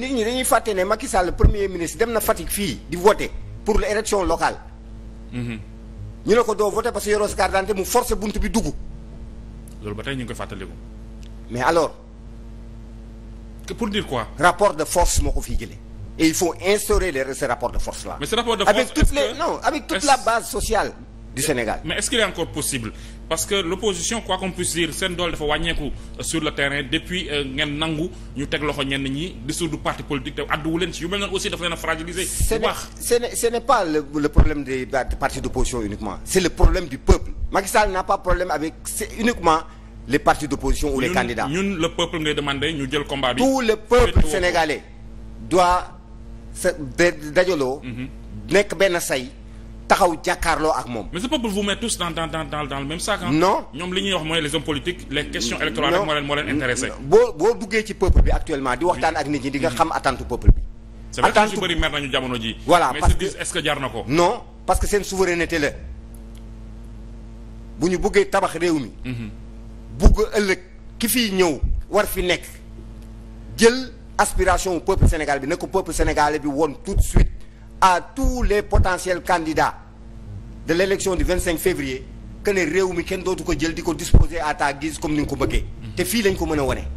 nit ñi dañuy fàtte ne Macky Sall premier ministre dem na Fatick fii di voter pour l'élection locale. Mhm. ñu ne ko doo voter parce que yoroo sa mu forcer bunt bi dugg. loolu ba tey ñu ngi koy fàttaliku. mais alors. que pour dire quoi. rapport de force moo ko fii jëlee. et il faut instaurer ce rapport de force là. avec toutes les non avec toute la base sociale. du Sénégal. mais est-ce qu'il est encore possible parce que l'opposition quoi qu'on puisse dire seen doole dafa wàññeeku euh, sur le terrain depuis euh, ngeen nangu ñu teg loxo ñenn ñi dissoudre parti politique te àdduwu leen ci yu mel noonu aussi dafa leen a fragiliser. bu baax ce n'est ce n'est pas le le problème des partis d'opposition uniquement c'est le problème du peuple Macky Sall n'a pas problème avec c'est uniquement. les partis d'opposition ou les candidats ñun le peuple dajaloo. Mhm. nekk benn say. taxaw jàkkaarloo ak moom. mais ce peuple vous met tous dans dans dans dans le non ñoom li ñuy wax mooy les hommes politiques les questions électorales moo leen moo leen intéressé. boo boo duggee ci peuple bi actuellement di waxtaan ak nit ñi di nga mm-hmm. xam attente peuple bi. attente su bëri mer nañu jamono ji. voilà parce que est que jar na ko. non parce que seen souveraineté la bu ñu buggee tabax réew mi. Mm-hmm. bugg ëllëg ki fi ñëw war fi nekk jël aspiration peuple bi ne ko peuple bi woon à tous les potentiels candidats de l'élection du 25 février que ne réew mi kenn dootu ko jël di ko disposer à ta guise comme ni nga ko bëggee te fii lañ ko mën a wane